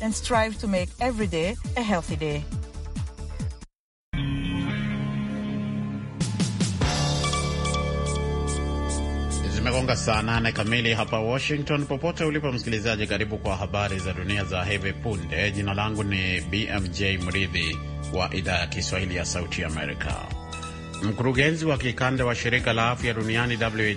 and strive to make every day a healthy day. Zimegonga saa nane kamili hapa Washington. Popote ulipo msikilizaji, karibu kwa habari za dunia za hivi punde. Jina langu ni BMJ Mridhi wa idhaa ya Kiswahili ya Sauti Amerika. Mkurugenzi wa kikanda wa shirika la afya duniani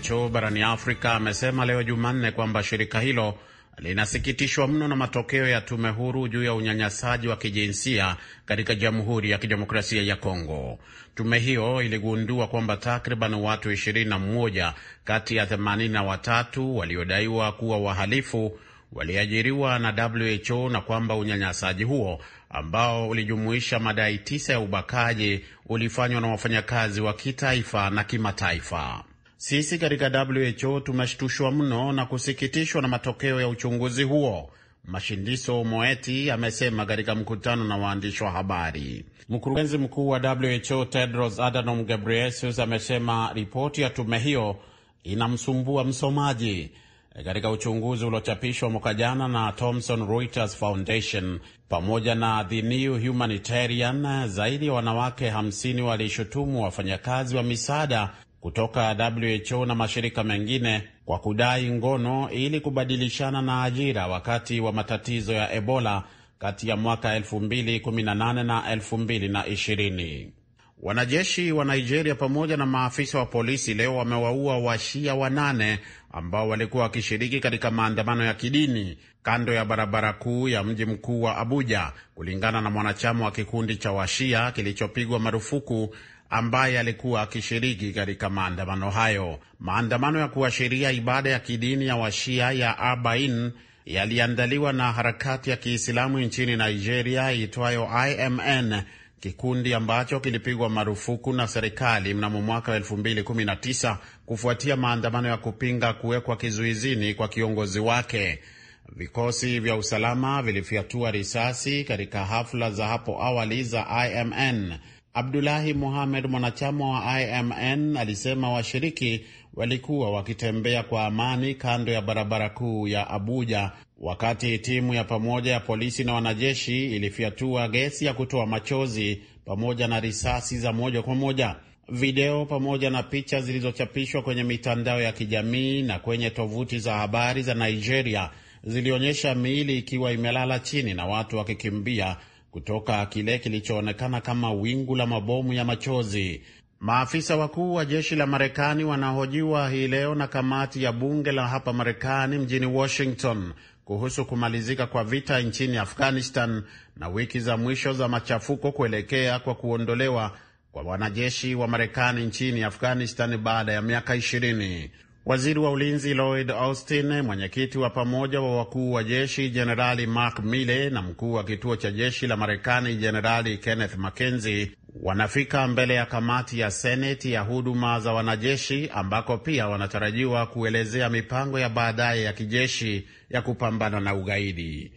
WHO barani Afrika amesema leo Jumanne kwamba shirika hilo linasikitishwa mno na matokeo ya tume huru juu ya unyanyasaji wa kijinsia katika Jamhuri ya Kidemokrasia ya Kongo. Tume hiyo iligundua kwamba takriban watu 21 kati ya 83 waliodaiwa kuwa wahalifu waliajiriwa na WHO na kwamba unyanyasaji huo ambao ulijumuisha madai tisa ya ubakaji ulifanywa na wafanyakazi wa kitaifa na kimataifa. Sisi katika WHO tumeshtushwa mno na kusikitishwa na matokeo ya uchunguzi huo, Mashindiso Moeti amesema katika mkutano na waandishi wa habari. Mkurugenzi mkuu wa WHO Tedros Adhanom Ghebreyesus amesema ripoti ya tume hiyo inamsumbua msomaji. Katika uchunguzi uliochapishwa mwaka jana na Thomson Reuters Foundation pamoja na The New Humanitarian, zaidi ya wanawake 50 walishutumu wafanyakazi wa misaada kutoka WHO na mashirika mengine kwa kudai ngono ili kubadilishana na ajira wakati wa matatizo ya Ebola kati ya mwaka 2018 na 2020. Wanajeshi wa Nigeria pamoja na maafisa wa polisi leo wamewaua washia wanane ambao walikuwa wakishiriki katika maandamano ya kidini kando ya barabara kuu ya mji mkuu wa Abuja, kulingana na mwanachama wa kikundi cha washia kilichopigwa marufuku ambaye alikuwa akishiriki katika maandamano hayo. Maandamano ya kuashiria ibada ya kidini ya Washia ya Abain yaliandaliwa na harakati ya Kiislamu nchini Nigeria iitwayo IMN, kikundi ambacho kilipigwa marufuku na serikali mnamo mwaka 2019 kufuatia maandamano ya kupinga kuwekwa kizuizini kwa kiongozi wake. Vikosi vya usalama vilifyatua risasi katika hafla za hapo awali za IMN Abdulahi Muhamed, mwanachama wa IMN, alisema washiriki walikuwa wakitembea kwa amani kando ya barabara kuu ya Abuja wakati timu ya pamoja ya polisi na wanajeshi ilifyatua gesi ya kutoa machozi pamoja na risasi za moja kwa moja. Video pamoja na picha zilizochapishwa kwenye mitandao ya kijamii na kwenye tovuti za habari za Nigeria zilionyesha miili ikiwa imelala chini na watu wakikimbia kutoka kile kilichoonekana kama wingu la mabomu ya machozi. Maafisa wakuu wa jeshi la Marekani wanahojiwa hii leo na kamati ya bunge la hapa Marekani mjini Washington kuhusu kumalizika kwa vita nchini Afghanistan na wiki za mwisho za machafuko kuelekea kwa kuondolewa kwa wanajeshi wa Marekani nchini Afghanistan baada ya miaka ishirini. Waziri wa ulinzi Lloyd Austin, mwenyekiti wa pamoja wa wakuu wa jeshi Jenerali Mark Milley na mkuu wa kituo cha jeshi la Marekani Jenerali Kenneth McKenzie wanafika mbele ya kamati ya Seneti ya huduma za wanajeshi ambako pia wanatarajiwa kuelezea mipango ya baadaye ya kijeshi ya kupambana na ugaidi.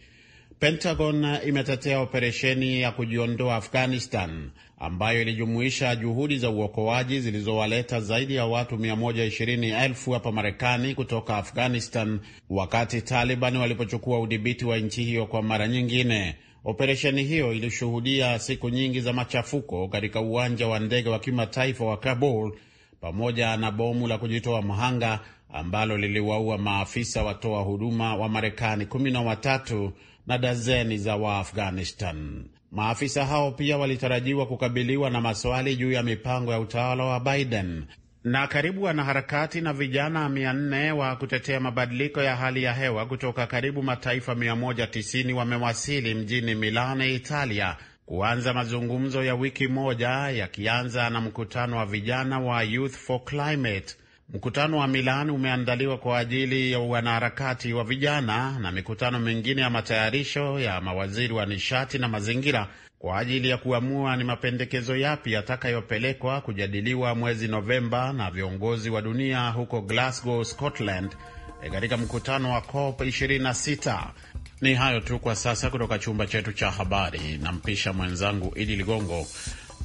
Pentagon imetetea operesheni ya kujiondoa Afghanistan ambayo ilijumuisha juhudi za uokoaji zilizowaleta zaidi ya watu 120,000 hapa Marekani kutoka Afghanistan wakati Taliban walipochukua udhibiti wa nchi hiyo kwa mara nyingine. Operesheni hiyo ilishuhudia siku nyingi za machafuko katika uwanja wa ndege wa kimataifa wa Kabul pamoja na bomu la kujitoa mhanga ambalo liliwaua maafisa watoa huduma wa Marekani kumi na watatu na dazeni za Waafghanistan. Maafisa hao pia walitarajiwa kukabiliwa na maswali juu ya mipango ya utawala wa Biden. Na karibu wanaharakati na vijana 400 wa kutetea mabadiliko ya hali ya hewa kutoka karibu mataifa 190 wamewasili mjini milane Italia kuanza mazungumzo ya wiki moja yakianza na mkutano wa vijana wa Youth for Climate Mkutano wa Milan umeandaliwa kwa ajili ya wanaharakati wa vijana na mikutano mingine ya matayarisho ya mawaziri wa nishati na mazingira kwa ajili ya kuamua ni mapendekezo yapi yatakayopelekwa kujadiliwa mwezi Novemba na viongozi wa dunia huko Glasgow, Scotland eh, katika mkutano wa COP 26. Ni hayo tu kwa sasa kutoka chumba chetu cha habari. Nampisha mwenzangu Idi Ligongo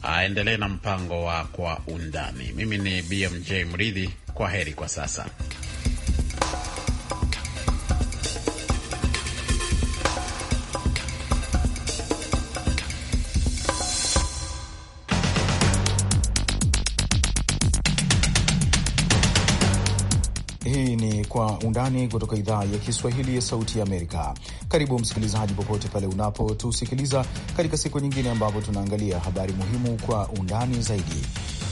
aendelee na mpango wa Kwa Undani. Mimi ni BMJ Mridhi, kwa heri kwa sasa. Undani kutoka idhaa ya Kiswahili ya Sauti ya Amerika. Karibu msikilizaji, popote pale unapotusikiliza katika siku nyingine ambapo tunaangalia habari muhimu kwa undani zaidi.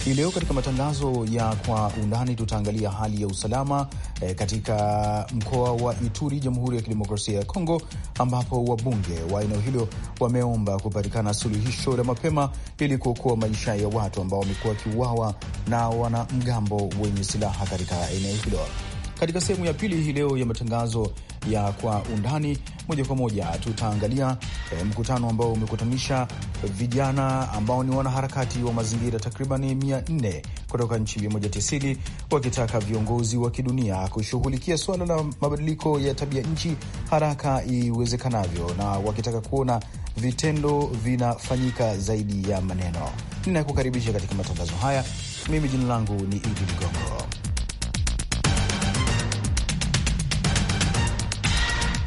Hii leo katika matangazo ya kwa undani tutaangalia hali ya usalama eh, katika mkoa wa Ituri, Jamhuri ya Kidemokrasia ya Kongo, ambapo wabunge wa eneo hilo wameomba kupatikana suluhisho la mapema ili kuokoa maisha ya watu ambao wamekuwa wakiuawa na wanamgambo wenye silaha katika eneo hilo. Katika sehemu ya pili hii leo ya matangazo ya kwa undani, moja kwa moja tutaangalia eh, mkutano ambao umekutanisha vijana ambao ni wanaharakati wa mazingira takribani mia nne kutoka nchi 190 wakitaka viongozi wa kidunia kushughulikia suala la mabadiliko ya tabia nchi haraka iwezekanavyo, na wakitaka kuona vitendo vinafanyika zaidi ya maneno. Ninakukaribisha katika matangazo haya, mimi jina langu ni Idi Ligongo.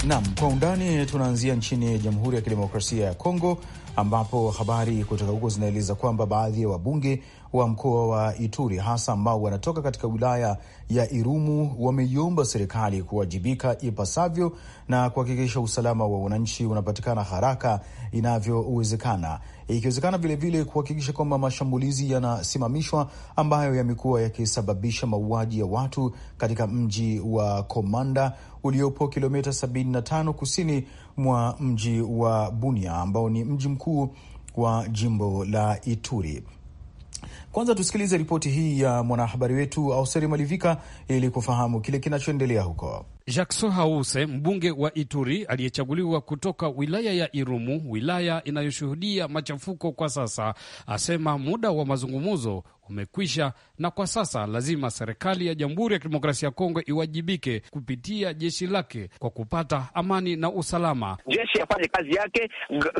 Nam kwa undani, tunaanzia nchini Jamhuri ya Kidemokrasia ya Kongo, ambapo habari kutoka huko zinaeleza kwamba baadhi ya wabunge wa mkoa wa Ituri hasa ambao wanatoka katika wilaya ya Irumu wameiomba serikali kuwajibika ipasavyo na kuhakikisha usalama wa wananchi unapatikana haraka inavyowezekana ikiwezekana vilevile kuhakikisha kwamba mashambulizi yanasimamishwa ambayo yamekuwa yakisababisha mauaji ya watu katika mji wa Komanda uliopo kilomita 75 kusini mwa mji wa Bunia ambao ni mji mkuu wa jimbo la Ituri. Kwanza tusikilize ripoti hii ya mwanahabari wetu Auseri Malivika ili kufahamu kile kinachoendelea huko. Jackson Hause, mbunge wa Ituri aliyechaguliwa kutoka wilaya ya Irumu, wilaya inayoshuhudia machafuko kwa sasa, asema muda wa mazungumzo umekwisha, na kwa sasa lazima serikali ya Jamhuri ya Kidemokrasia ya Kongo iwajibike kupitia jeshi lake kwa kupata amani na usalama. Jeshi afanye kazi yake,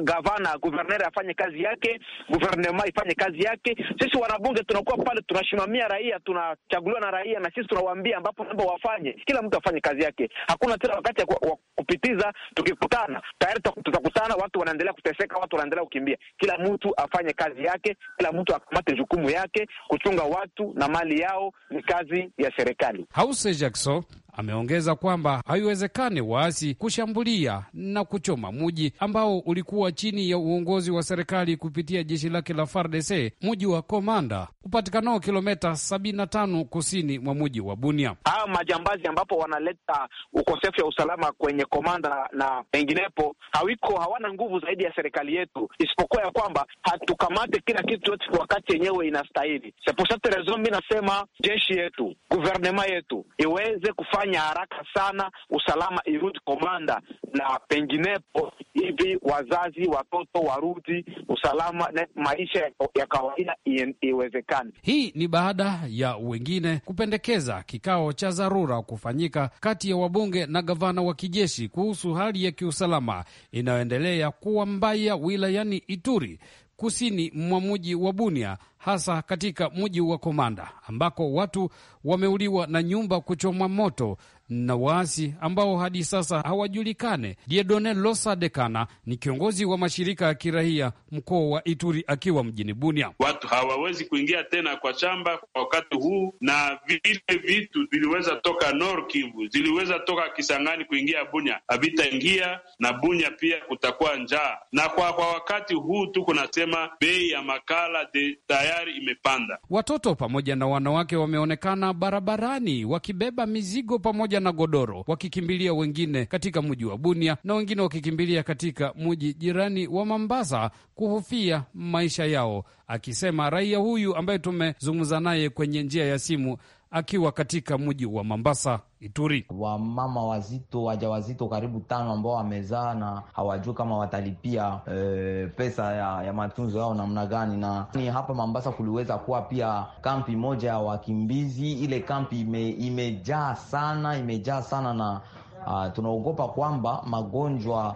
gavana guverner afanye kazi yake, guvernema ifanye kazi yake. Sisi wanabunge tunakuwa pale, tunasimamia raia, tunachaguliwa na raia, na sisi tunawaambia ambapo naomba wafanye, kila mtu afanye kazi yake. Hakuna tena wakati ya kupitiza. Tukikutana tayari tutakutana, watu wanaendelea kuteseka, watu wanaendelea kukimbia. Kila mtu afanye kazi yake, kila mtu akamate jukumu yake, Kuchunga watu na mali yao ni kazi ya serikali. Hause Jackson, Ameongeza kwamba haiwezekani waasi kushambulia na kuchoma muji ambao ulikuwa chini ya uongozi wa serikali kupitia jeshi lake la FARDC, muji wa Komanda upatikanao kilometa 75 kusini mwa muji wa Bunia. Hawa majambazi ambapo wanaleta ukosefu wa usalama kwenye Komanda na penginepo, hawiko hawana nguvu zaidi ya serikali yetu, isipokuwa ya kwamba hatukamate kila kitu yote kwa wakati yenyewe inastahili. Seposate rezon, mi nasema jeshi yetu, guvernema yetu iweze kufanya kufanya haraka sana usalama irudi komanda, na penginepo hivi wazazi watoto warudi usalama na maisha ya kawaida iwezekane. Hii ni baada ya wengine kupendekeza kikao cha dharura kufanyika kati ya wabunge na gavana wa kijeshi kuhusu hali ya kiusalama inayoendelea kuwa mbaya wilayani Ituri kusini mwa mji wa Bunia hasa katika mji wa Komanda ambako watu wameuliwa na nyumba kuchomwa moto na waasi ambao hadi sasa hawajulikane. Diedone Losa Dekana ni kiongozi wa mashirika ya kiraia mkoa wa Ituri akiwa mjini Bunia. Watu hawawezi kuingia tena kwa shamba kwa wakati huu, na vile vitu viliweza toka nor Kivu, ziliweza toka Kisangani kuingia Bunia havitaingia, na Bunia pia kutakuwa njaa. Na kwa, kwa wakati huu tu kunasema bei ya makala de tayari imepanda. Watoto pamoja na wanawake wameonekana barabarani wakibeba mizigo pamoja na godoro, wakikimbilia wengine katika mji wa Bunia na wengine wakikimbilia katika mji jirani wa mambasa kuhofia maisha yao, akisema raia huyu ambaye tumezungumza naye kwenye njia ya simu akiwa katika mji wa Mombasa, Ituri. Wamama wazito waja wazito karibu tano ambao wamezaa na hawajui kama watalipia e, pesa ya, ya matunzo yao namna gani. Na ni hapa Mombasa kuliweza kuwa pia kampi moja ya wakimbizi. Ile kampi ime, imejaa sana imejaa sana na uh, tunaogopa kwamba magonjwa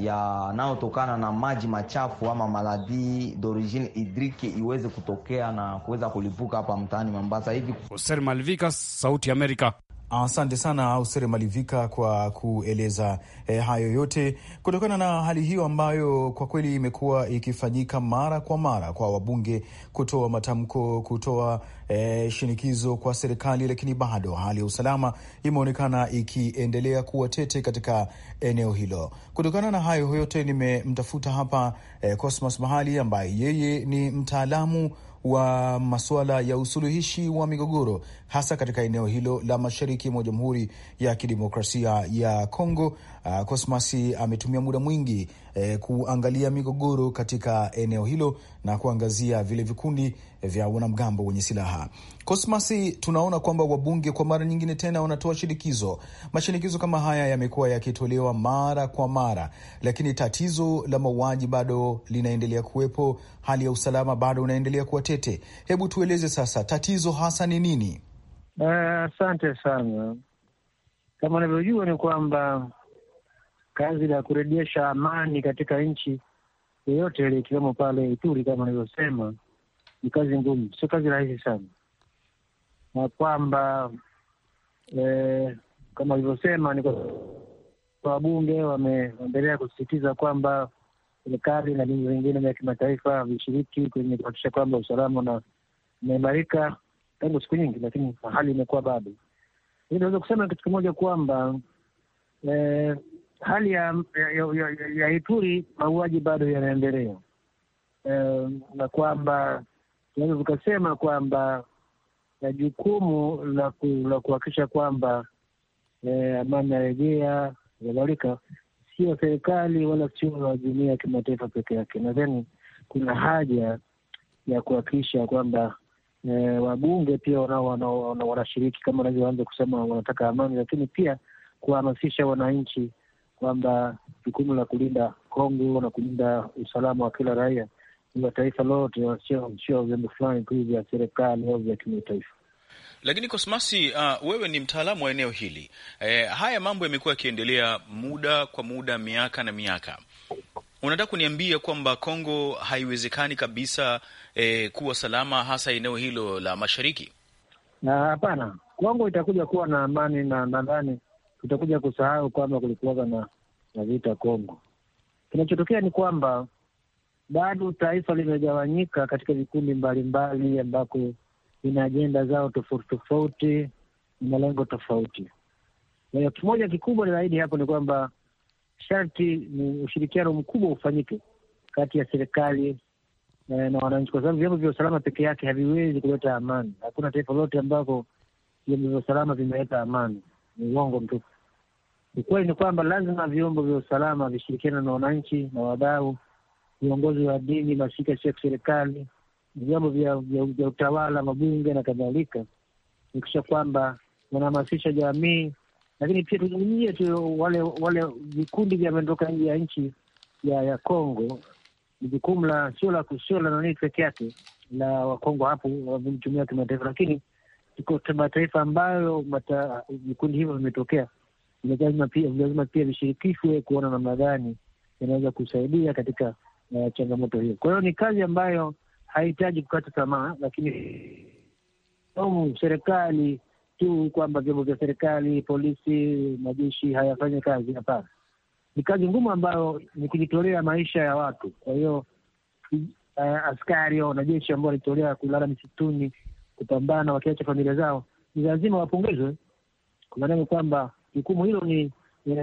yanayotokana na maji machafu ama maradhi d'origine hidrique iweze kutokea na kuweza kulipuka hapa mtaani Mombasa hivi. Hoser Malvika, Sauti ya Amerika, Asante sana Ausere Malivika kwa kueleza eh, hayo yote kutokana na hali hiyo ambayo kwa kweli imekuwa ikifanyika mara kwa mara kwa wabunge kutoa matamko, kutoa eh, shinikizo kwa serikali, lakini bado hali ya usalama imeonekana ikiendelea kuwa tete katika eneo hilo. Kutokana na hayo yote, nimemtafuta hapa eh, Cosmas Mahali ambaye yeye ni mtaalamu wa masuala ya usuluhishi wa migogoro hasa katika eneo hilo la mashariki mwa Jamhuri ya Kidemokrasia ya Kongo. Uh, Cosmas ametumia muda mwingi eh, kuangalia migogoro katika eneo hilo na kuangazia vile vikundi vya wanamgambo wenye silaha. Cosmas, tunaona kwamba wabunge kwa mara nyingine tena wanatoa shinikizo. Mashinikizo kama haya yamekuwa yakitolewa mara kwa mara, lakini tatizo la mauaji bado linaendelea kuwepo, hali ya usalama bado unaendelea kuwa tete. Hebu tueleze sasa tatizo hasa ni nini? Eh, asante uh, sana. Kama unavyojua ni kwamba kazi la kurejesha amani katika nchi yoyote ile ikiwemo pale Ituri kama alivyosema, ni kazi ngumu, sio kazi rahisi sana, na kwamba eh, kama alivyosema ni kwa wabunge wameendelea kusisitiza kwamba serikali na vyombo vingine vya kimataifa vishiriki kwenye kuhakikisha kwamba usalama unaimarika tangu siku nyingi, lakini hali imekuwa bado. Hii naweza kusema kitu kimoja kwamba eh, hali ya, ya, ya, ya, ya Ituri mauaji bado yanaendelea e, na kwamba tunaweza tukasema kwamba jukumu la la kuhakikisha kwamba eh, amani narejea kadhalika, sio serikali wala sio la ya kimataifa peke yake. Nadhani kuna haja ya kuhakikisha kwamba eh, wabunge pia wanashiriki kama wanavyoanza kusema wanataka amani, lakini pia kuhamasisha wananchi kwamba jukumu la kulinda Kongo na kulinda usalama wa kila raia ni wa taifa lote, sio vyombo fulani tu vya serikali au vya kimataifa. Lakini Kosmasi, uh, wewe ni mtaalamu wa eneo hili e, haya mambo yamekuwa yakiendelea muda kwa muda, miaka na miaka. Unataka kuniambia kwamba Kongo haiwezekani kabisa e, kuwa salama, hasa eneo hilo la mashariki? hapana, Kongo itakuja kuwa na amani na nadhani tutakuja kusahau kwamba kulikuwaga na, na vita Kongo. Kinachotokea ni kwamba bado taifa limegawanyika katika vikundi mbalimbali, ambako ina ajenda zao tofauti tofauti na malengo tofauti. Kwa hiyo kimoja kikubwa zaidi hapo ni kwamba sharti ni ushirikiano mkubwa ufanyike kati ya serikali na wananchi, kwa sababu vyombo vya usalama peke yake haviwezi kuleta amani. Hakuna taifa lote ambako vyombo vya usalama vimeleta amani, ni uongo mtupu. Ukweli ni kwamba lazima vyombo vya usalama vishirikiana na wananchi na wadau, viongozi wa dini, mashirika sio ya kiserikali, vyombo vya vya, vya utawala, mabunge na kadhalika, kuhakikisha kwamba wanahamasisha jamii, lakini pia tuzungumzie tu wale wale vikundi vya vyameondoka nje ya nchi ya ya Kongo. Ni jukumu la sio la sio la nani peke yake la Wakongo hapo wamtumia kimataifa, lakini iko mataifa ambayo vikundi hivyo vimetokea lazima pia, lazima pia vishirikishwe kuona namna gani inaweza kusaidia katika uh, changamoto hiyo. Kwa hiyo ni kazi ambayo hahitaji kukata tamaa, lakini um, serikali tu kwamba vyombo vya serikali, polisi, majeshi hayafanye kazi. Hapana, ni kazi ngumu ambayo ni kujitolea maisha ya watu. Kwa hiyo uh, askari au wanajeshi ambao walitolea kulala misituni kupambana wakiacha familia zao ni lazima wapongezwe, kwa maana kwamba Jukumu hilo ni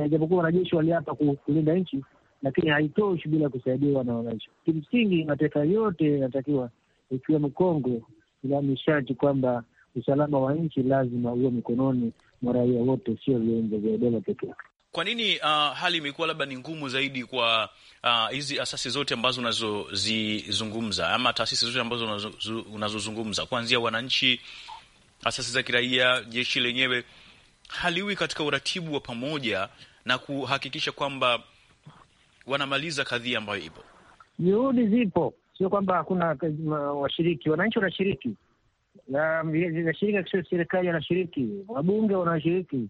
japokuwa wanajeshi waliapa kulinda nchi, lakini haitoshi bila kusaidiwa na wananchi. Kimsingi mataifa yote yanatakiwa, ikiwemo Kongo, ila ni sharti kwamba usalama wa nchi lazima uwe mikononi mwa raia wote, sio viungo vya dola peke yake. Kwa nini uh, hali imekuwa labda ni ngumu zaidi kwa uh, hizi uh, asasi zote ambazo unazozizungumza ama taasisi zote ambazo unazozungumza, kuanzia wananchi, asasi za kiraia, jeshi lenyewe? haliwi katika uratibu wa pamoja na kuhakikisha kwamba wanamaliza kadhia ambayo ipo. Juhudi zipo, sio kwamba hakuna washiriki. Wananchi wanashiriki, nashirika kisio serikali wanashiriki, wabunge wanashiriki,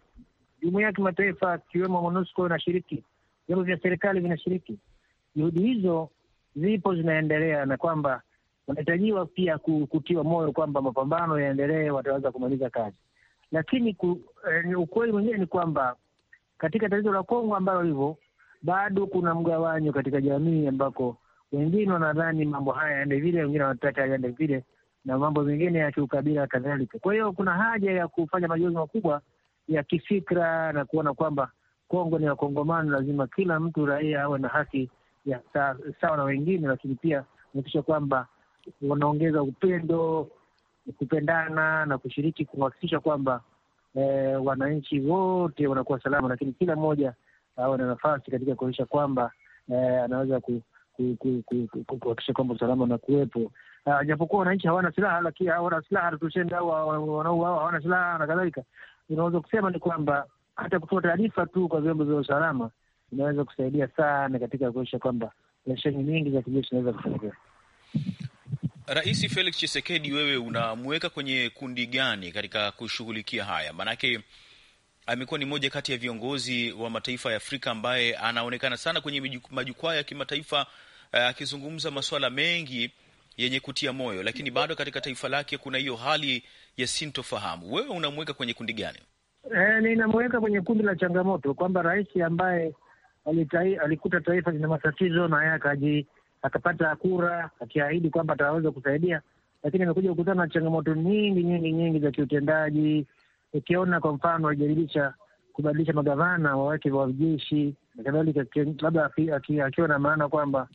jumuia ya kimataifa akiwemo MONUSCO inashiriki, vyombo vya serikali vinashiriki. Juhudi hizo zipo, zinaendelea na kwamba wanahitajiwa pia kutiwa moyo kwamba mapambano yaendelee, wataweza kumaliza kazi. Lakini ku, eh, ukweli mwenyewe ni kwamba katika tatizo la Kongo ambalo hivyo bado kuna mgawanyo katika jamii ambako wengine wanadhani mambo haya yaende vile, wengine wanataka yaende vile na mambo mengine ya kiukabila kadhalika. Kwa hiyo kuna haja ya kufanya mageuzi makubwa ya kifikra na kuona kwamba Kongo ni Wakongomani, lazima kila mtu raia awe na haki ya sawa na wengine, lakini pia kuhakikisha kwamba wanaongeza upendo kupendana na kushiriki kuhakikisha kwamba eh, wananchi wote wanakuwa salama, lakini kila mmoja awe na nafasi katika kuonyesha kwamba eh, anaweza kuhakikisha kwamba usalama unakuwepo. Ah, japokuwa wananchi hawana silaha, lakini hawana silaha tushenda au wanaouawa hawana silaha na kadhalika, unaweza kusema ni kwamba hata kutoa taarifa tu kwa vyombo vya usalama inaweza kusaidia sana katika kuonyesha kwamba operesheni nyingi za kijeshi zinaweza kufanikiwa. Rais Felix Chisekedi, wewe unamweka kwenye kundi gani katika kushughulikia haya? Maanake amekuwa ni moja kati ya viongozi wa mataifa ya Afrika ambaye anaonekana sana kwenye majukwaa ya kimataifa eh, akizungumza uh, masuala mengi yenye kutia moyo, lakini bado katika taifa lake kuna hiyo hali ya sintofahamu. Wewe unamweka kwenye kundi gani? E, eh, ninamweka kwenye kundi la changamoto, kwamba rais ambaye alikuta taifa lina matatizo na yeye akapata kura akiahidi kwamba ataweza kusaidia, lakini amekuja kukutana na changamoto nyingi nyingi nyingi za kiutendaji, ukiona kwa mfano alijaribisha kubadilisha magavana waweke wa jeshi na kadhalika, labda akiwa na maana kwamba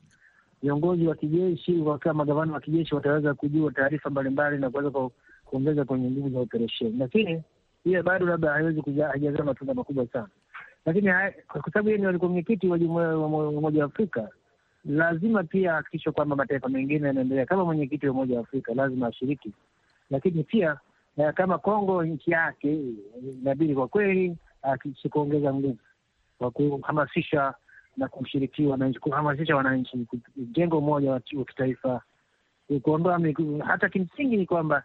viongozi wa kijeshi wakiwa magavana wa kijeshi wataweza kujua taarifa mbalimbali na kuweza kuongeza kwenye nguvu za operesheni, lakini hiyo bado labda haiwezi haijazaa matunda makubwa sana. Lakini kwa sababu yeye ni alikuwa mwenyekiti wa Umoja wa Afrika, lazima pia ahakikishe kwamba mataifa mengine yanaendelea. Kama mwenyekiti wa Umoja wa Afrika lazima ashiriki, lakini pia eh, kama Kongo nchi yake eh, inabidi kwa kweli ahakikishe kuongeza nguvu kwa kuhamasisha na kumshiriki wananchi, kuhamasisha wananchi kujenga umoja wa kitaifa, kuondoa hata. Kimsingi ni kwamba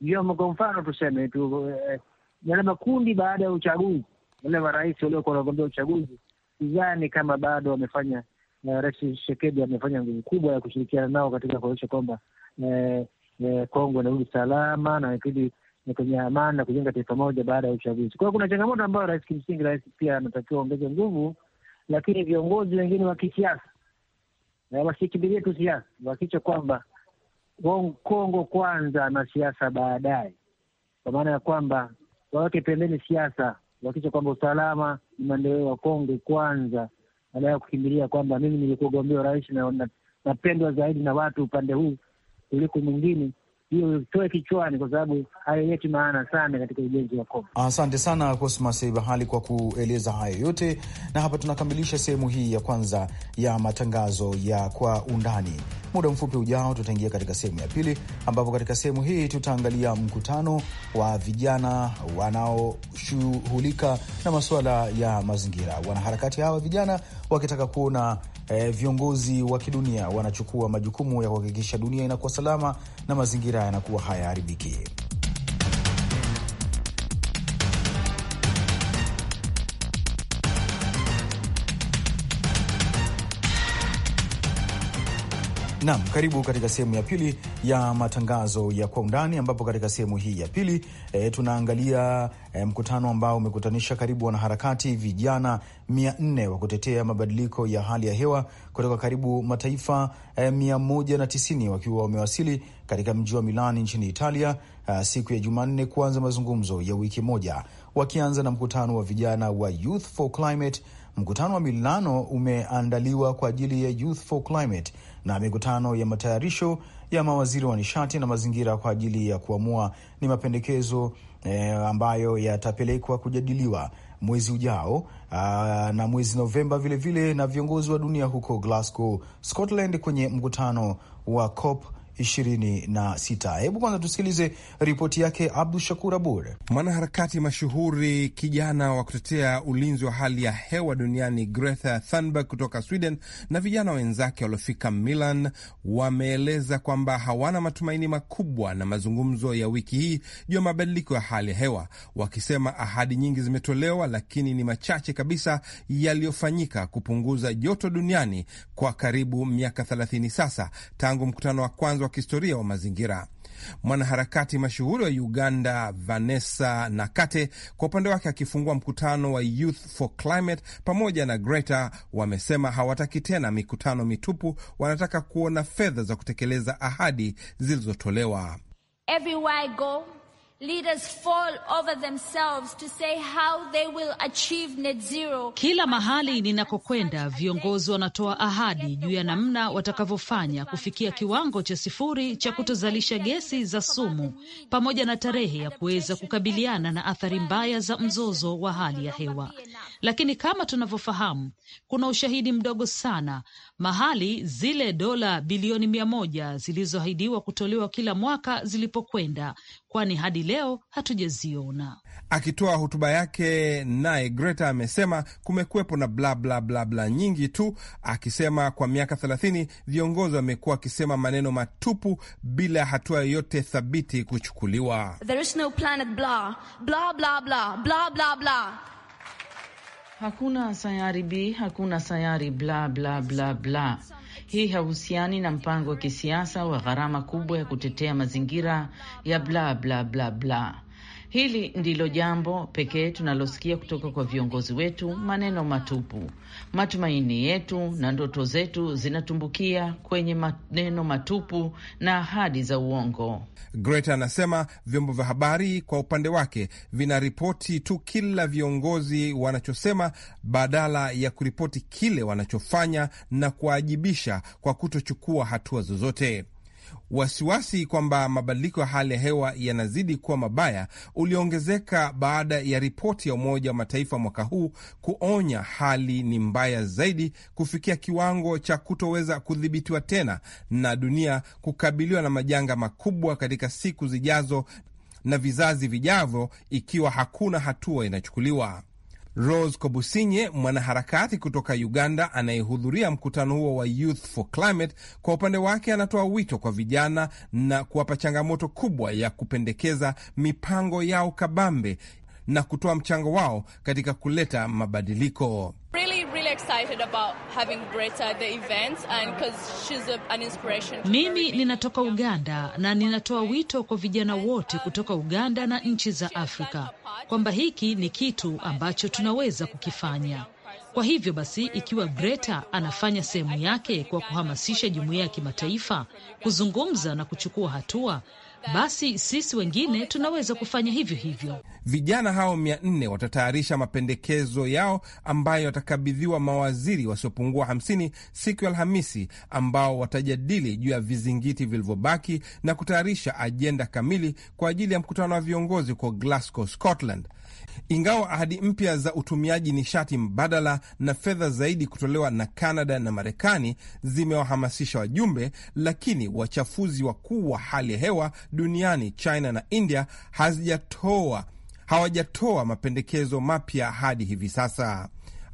vyombo, kwa mfano tuseme tu eh, yale makundi baada ya uchaguzi, wale marais waliokuwa wanagombea uchaguzi, sidhani kama bado wamefanya eh, Rais Shekedi amefanya nguvu kubwa ya kushirikiana nao katika kuhakikisha kwamba eh, eh, Kongo inarudi salama na kidi eh, kwenye amani na kujenga taifa moja baada ya uchaguzi. Kwa hiyo kuna changamoto ambayo rais, kimsingi rais pia anatakiwa ongeze nguvu, lakini viongozi wengine wa kisiasa eh, wasikimbilie tu siasa, wahakikishe kwamba Kongo kwanza na siasa baadaye, kwa maana ya kwamba waweke pembeni siasa, wahakikishe kwamba usalama ni maendeleo wa Kongo kwanza badala kukimbilia kwamba mimi nilikuwa gombea urais na napendwa zaidi na watu upande huu kuliko mwingine itoe kichwani, kwa sababu haileti maana sana katika ujenzi wa Koma. Asante sana Cosmas Bahali kwa kueleza hayo yote, na hapa tunakamilisha sehemu hii ya kwanza ya matangazo ya Kwa Undani. Muda mfupi ujao, tutaingia katika sehemu ya pili, ambapo katika sehemu hii tutaangalia mkutano wa vijana wanaoshughulika na masuala ya mazingira. Wanaharakati hawa vijana wakitaka kuona eh, viongozi wa kidunia wanachukua majukumu ya kuhakikisha dunia inakuwa salama na mazingira mazingira yanakuwa hayaharibiki. Naam, karibu katika sehemu ya pili ya matangazo ya kwa undani, ambapo katika sehemu hii ya pili e, tunaangalia e, mkutano ambao umekutanisha karibu wanaharakati vijana mia nne wa kutetea mabadiliko ya hali ya hewa kutoka karibu mataifa e, mia moja na tisini wakiwa wamewasili katika mji wa milani nchini Italia a, e, siku ya Jumanne kuanza mazungumzo ya wiki moja, wakianza na mkutano wa vijana wa Youth for Climate Mkutano wa Milano umeandaliwa kwa ajili ya Youth for Climate na mikutano ya matayarisho ya mawaziri wa nishati na mazingira kwa ajili ya kuamua ni mapendekezo eh, ambayo yatapelekwa kujadiliwa mwezi ujao uh, na mwezi Novemba vilevile vile, na viongozi wa dunia huko Glasgow, Scotland kwenye mkutano wa COP ishirini na sita. Hebu kwanza tusikilize ripoti yake Abdu Shakur Abur. Mwanaharakati mashuhuri kijana wa kutetea ulinzi wa hali ya hewa duniani Greta Thunberg kutoka Sweden na vijana wenzake waliofika Milan wameeleza kwamba hawana matumaini makubwa na mazungumzo ya wiki hii juu ya mabadiliko ya hali ya hewa, wakisema ahadi nyingi zimetolewa, lakini ni machache kabisa yaliyofanyika kupunguza joto duniani kwa karibu miaka 30 sasa tangu mkutano wa kwanza wa kihistoria wa mazingira. Mwanaharakati mashuhuri wa Uganda Vanessa Nakate kwa upande wake, akifungua mkutano wa Youth for Climate pamoja na Greta, wamesema hawataki tena mikutano mitupu, wanataka kuona fedha za kutekeleza ahadi zilizotolewa. Leaders fall over themselves to say how they will achieve net zero. Kila mahali ninakokwenda viongozi wanatoa ahadi juu ya namna watakavyofanya kufikia kiwango cha sifuri cha kutozalisha gesi za sumu pamoja na tarehe ya kuweza kukabiliana na athari mbaya za mzozo wa hali ya hewa. Lakini kama tunavyofahamu, kuna ushahidi mdogo sana mahali zile dola bilioni mia moja zilizoahidiwa kutolewa kila mwaka zilipokwenda, kwani hadi leo hatujaziona. Akitoa hotuba yake, naye Greta amesema kumekuwepo na bla bla bla bla nyingi tu, akisema kwa miaka thelathini viongozi wamekuwa wakisema maneno matupu bila ya hatua yoyote thabiti kuchukuliwa. There is no planet blah, blah, blah, blah, blah, blah, blah. Hakuna sayari B, hakuna sayari bla bla bla bla. Hii hauhusiani na mpango wa kisiasa wa gharama kubwa ya kutetea mazingira ya bla bla bla bla. Hili ndilo jambo pekee tunalosikia kutoka kwa viongozi wetu, maneno matupu. Matumaini yetu na ndoto zetu zinatumbukia kwenye maneno matupu na ahadi za uongo. Greta anasema vyombo vya habari kwa upande wake vinaripoti tu kila viongozi wanachosema badala ya kuripoti kile wanachofanya na kuwaajibisha kwa kutochukua hatua zozote. Wasiwasi kwamba mabadiliko ya hali ya hewa yanazidi kuwa mabaya uliongezeka baada ya ripoti ya Umoja wa Mataifa mwaka huu kuonya hali ni mbaya zaidi kufikia kiwango cha kutoweza kudhibitiwa tena na dunia kukabiliwa na majanga makubwa katika siku zijazo na vizazi vijavyo ikiwa hakuna hatua inachukuliwa. Rose Kobusinye, mwanaharakati kutoka Uganda anayehudhuria mkutano huo wa Youth for Climate, kwa upande wake anatoa wito kwa vijana na kuwapa changamoto kubwa ya kupendekeza mipango yao kabambe na kutoa mchango wao katika kuleta mabadiliko really? excited about having Greta at the event and because she's a, an inspiration. Mimi ninatoka Uganda na ninatoa wito kwa vijana wote kutoka Uganda na nchi za Afrika kwamba hiki ni kitu ambacho tunaweza kukifanya. Kwa hivyo basi, ikiwa Greta anafanya sehemu yake kwa kuhamasisha jumuiya ya kimataifa kuzungumza na kuchukua hatua, basi sisi wengine tunaweza kufanya hivyo hivyo. Vijana hao mia nne watatayarisha mapendekezo yao ambayo watakabidhiwa mawaziri wasiopungua 50 siku ya Alhamisi, ambao watajadili juu ya vizingiti vilivyobaki na kutayarisha ajenda kamili kwa ajili ya mkutano wa viongozi huko Glasgow, Scotland, ingawa ahadi mpya za utumiaji nishati mbadala na fedha zaidi kutolewa na Kanada na Marekani zimewahamasisha wajumbe, lakini wachafuzi wakuu wa hali ya hewa duniani China na India hazijatoa hawajatoa mapendekezo mapya hadi hivi sasa.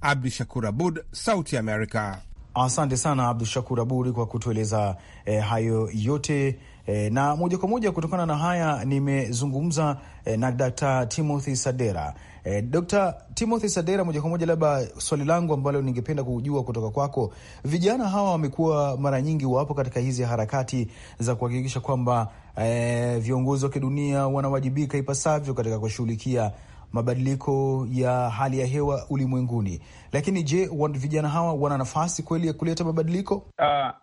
Abdu Shakur Abud, Sauti America. Asante sana Abdu Shakur Abud kwa kutueleza eh, hayo yote E, na moja kwa moja kutokana na haya nimezungumza e, na Dkt. Timothy Sadera. E, eh, Dkt. Timothy Sadera, moja kwa moja, labda swali langu ambalo ningependa kujua kutoka kwako, vijana hawa wamekuwa mara nyingi wapo katika hizi harakati za kuhakikisha kwamba e, viongozi wa kidunia wanawajibika ipasavyo katika kushughulikia mabadiliko ya hali ya hewa ulimwenguni, lakini je, vijana hawa wana nafasi kweli ya kuleta mabadiliko? Uh,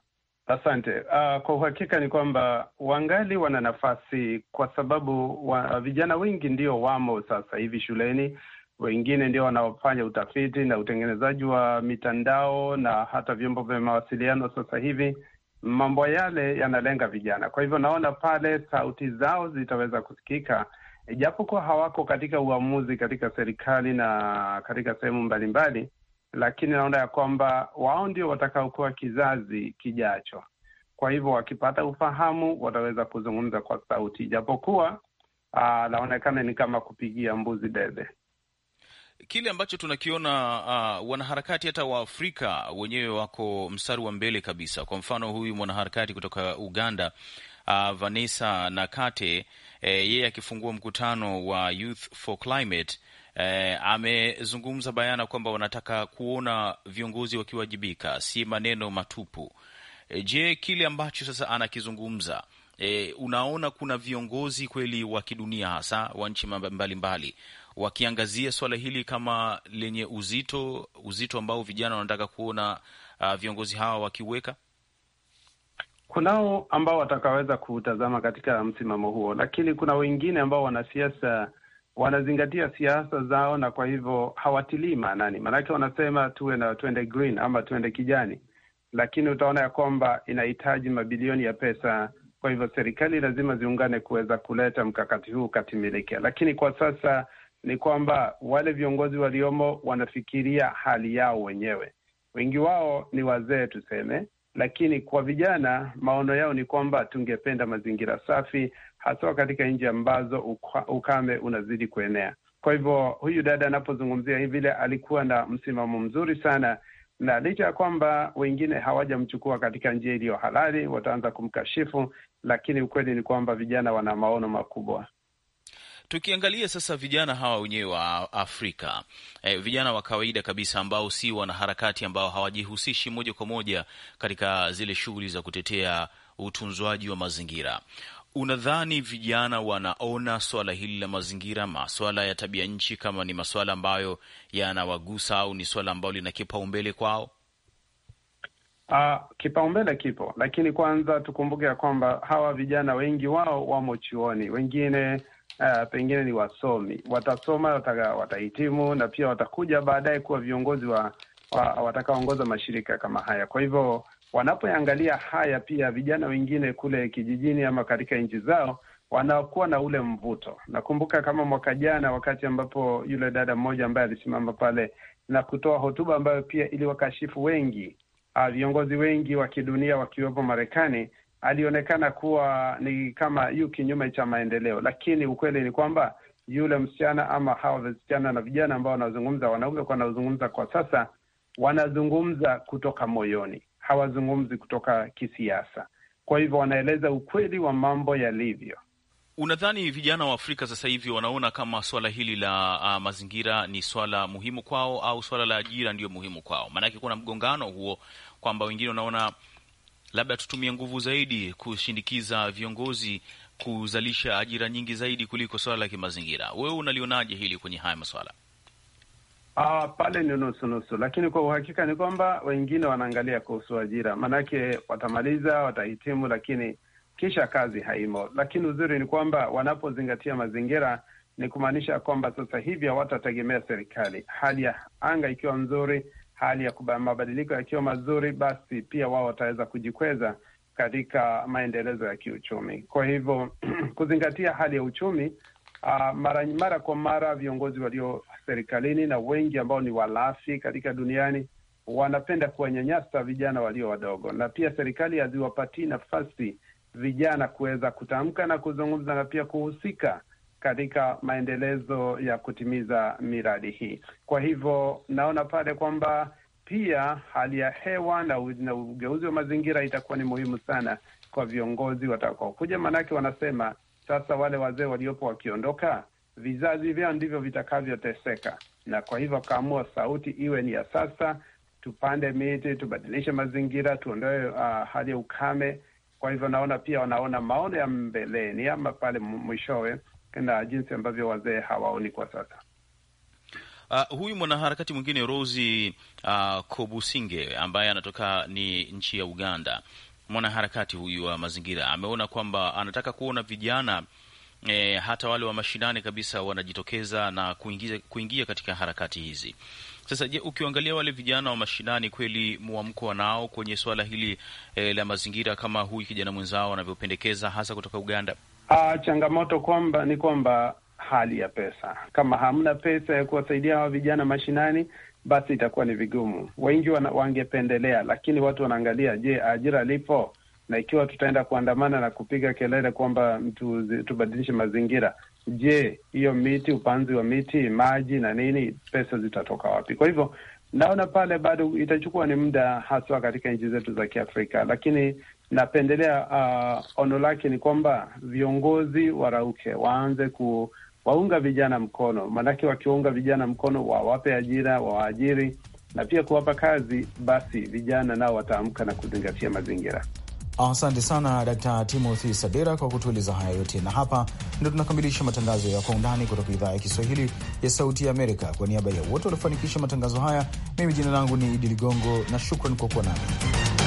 Asante. Uh, kwa uhakika ni kwamba wangali wana nafasi kwa sababu wa, vijana wengi ndio wamo sasa hivi shuleni, wengine ndio wanaofanya utafiti na utengenezaji wa mitandao na hata vyombo vya mawasiliano. Sasa hivi mambo yale yanalenga vijana, kwa hivyo naona pale sauti zao zitaweza kusikika, ijapokuwa hawako katika uamuzi katika serikali na katika sehemu mbalimbali lakini naona ya kwamba wao ndio watakaokuwa kizazi kijacho. Kwa hivyo wakipata ufahamu, wataweza kuzungumza kwa sauti, japokuwa naonekana ah, ni kama kupigia mbuzi debe kile ambacho tunakiona uh, wanaharakati hata wa Afrika wenyewe wako mstari wa mbele kabisa. Kwa mfano huyu mwanaharakati kutoka Uganda uh, Vanessa Nakate, eh, yeye akifungua mkutano wa Youth for Climate eh, amezungumza bayana kwamba wanataka kuona viongozi wakiwajibika, si maneno matupu. Eh, je, kile ambacho sasa anakizungumza E, unaona kuna viongozi kweli wa kidunia hasa wa nchi mbalimbali wakiangazia swala hili kama lenye uzito uzito ambao vijana wanataka kuona uh, viongozi hawa wakiweka. Kunao ambao watakaweza kutazama katika msimamo huo, lakini kuna wengine ambao wanasiasa wanazingatia siasa zao, na kwa hivyo hawatilii maanani, maanake wanasema tuwe na tuende green ama tuende kijani, lakini utaona ya kwamba inahitaji mabilioni ya pesa. Kwa hivyo serikali lazima ziungane kuweza kuleta mkakati huu katimilikia, lakini kwa sasa ni kwamba wale viongozi waliomo wanafikiria hali yao wenyewe. Wengi wao ni wazee tuseme, lakini kwa vijana maono yao ni kwamba tungependa mazingira safi, haswa katika nchi ambazo ukame unazidi kuenea. Kwa hivyo huyu dada anapozungumzia hivi vile, alikuwa na msimamo mzuri sana, na licha ya kwamba wengine hawajamchukua katika njia iliyo halali, wataanza kumkashifu, lakini ukweli ni kwamba vijana wana maono makubwa. Tukiangalia sasa vijana hawa wenyewe wa Afrika e, vijana wa kawaida kabisa ambao si wanaharakati, ambao hawajihusishi moja kwa moja katika zile shughuli za kutetea utunzwaji wa mazingira, Unadhani vijana wanaona swala hili la mazingira, maswala ya tabia nchi, kama ni maswala ambayo yanawagusa au ni swala ambalo lina kipaumbele kwao? Uh, kipaumbele kipo, lakini kwanza tukumbuke ya kwamba hawa vijana wengi wao wamo chuoni, wengine uh, pengine ni wasomi, watasoma wataga, watahitimu na pia watakuja baadaye kuwa viongozi wa, wa watakaoongoza mashirika kama haya. Kwa hivyo Wanapoangalia haya pia, vijana wengine kule kijijini ama katika nchi zao wanakuwa na ule mvuto. Nakumbuka kama mwaka jana, wakati ambapo yule dada mmoja ambaye alisimama pale na kutoa hotuba ambayo pia iliwakashifu wengi, ah, viongozi wengi wa kidunia wakiwepo Marekani, alionekana kuwa ni kama yu kinyume cha maendeleo, lakini ukweli ni kwamba yule msichana ama hawa wasichana na vijana ambao wanazungumza, wanaume wanaozungumza kwa sasa, wanazungumza kutoka moyoni hawazungumzi kutoka kisiasa. Kwa hivyo wanaeleza ukweli wa mambo yalivyo. Unadhani vijana wa Afrika sasa hivi wanaona kama swala hili la uh, mazingira ni swala muhimu kwao au swala la ajira ndiyo muhimu kwao? Maanake kuna mgongano huo kwamba wengine wanaona labda tutumie nguvu zaidi kushindikiza viongozi kuzalisha ajira nyingi zaidi kuliko swala la kimazingira. Wewe unalionaje hili kwenye haya maswala? Ah, pale ni nusu nusu, lakini kwa uhakika ni kwamba wengine wanaangalia kuhusu ajira, maanake watamaliza, watahitimu, lakini kisha kazi haimo. Lakini uzuri ni kwamba wanapozingatia mazingira, ni kumaanisha kwamba sasa hivi hawatategemea serikali. Hali ya anga ikiwa nzuri, hali ya mabadiliko yakiwa mazuri, basi pia wao wataweza kujikweza katika maendelezo ya kiuchumi. Kwa hivyo kuzingatia hali ya uchumi Uh, mara mara kwa mara viongozi walio serikalini na wengi ambao ni walafi katika duniani wanapenda kuwanyanyasa vijana walio wadogo, na pia serikali haziwapatii nafasi vijana kuweza kutamka na kuzungumza na pia kuhusika katika maendelezo ya kutimiza miradi hii. Kwa hivyo naona pale kwamba pia hali ya hewa na, na ugeuzi wa mazingira itakuwa ni muhimu sana kwa viongozi watakaokuja, maanake wanasema sasa wale wazee waliopo wakiondoka, vizazi vyao ndivyo vitakavyoteseka, na kwa hivyo akaamua sauti iwe ni ya sasa. Tupande miti, tubadilishe mazingira, tuondoe uh, hali ya ukame. Kwa hivyo naona pia wanaona maono ya mbeleni ama pale mwishowe, na jinsi ambavyo wazee hawaoni kwa sasa. Uh, huyu mwanaharakati mwingine Rosi uh, ah, Kobusinge ambaye anatoka ni nchi ya Uganda mwanaharakati huyu wa mazingira ameona kwamba anataka kuona vijana e, hata wale wa mashinani kabisa wanajitokeza na kuingia, kuingia katika harakati hizi. Sasa je, ukiangalia wale vijana wa mashinani kweli mwamko wanao kwenye suala hili e, la mazingira kama huyu kijana mwenzao anavyopendekeza hasa kutoka Uganda? Aa, ah, changamoto kwamba ni kwamba hali ya pesa, kama hamna pesa ya kuwasaidia hawa vijana mashinani basi itakuwa ni vigumu. Wengi wangependelea, lakini watu wanaangalia, je, ajira lipo? Na ikiwa tutaenda kuandamana na kupiga kelele kwamba tubadilishe mazingira, je, hiyo miti, upanzi wa miti, maji na nini, pesa zitatoka wapi? Kwa hivyo naona pale bado itachukua ni muda, haswa katika nchi zetu za Kiafrika, lakini napendelea uh, ono lake ni kwamba viongozi warauke, waanze ku waunga vijana mkono, maanake wakiwaunga vijana mkono, wawape ajira, wawaajiri na pia kuwapa kazi, basi vijana nao wataamka na kuzingatia mazingira. Asante sana Dkt Timothy Sadera kwa kutueleza haya yote, na hapa ndo tunakamilisha matangazo ya Kwa Undani kutoka idhaa ya Kiswahili ya Sauti ya Amerika. Kwa niaba ya wote waliofanikisha matangazo haya, mimi jina langu ni Idi Ligongo na shukran kwa kuwa nami.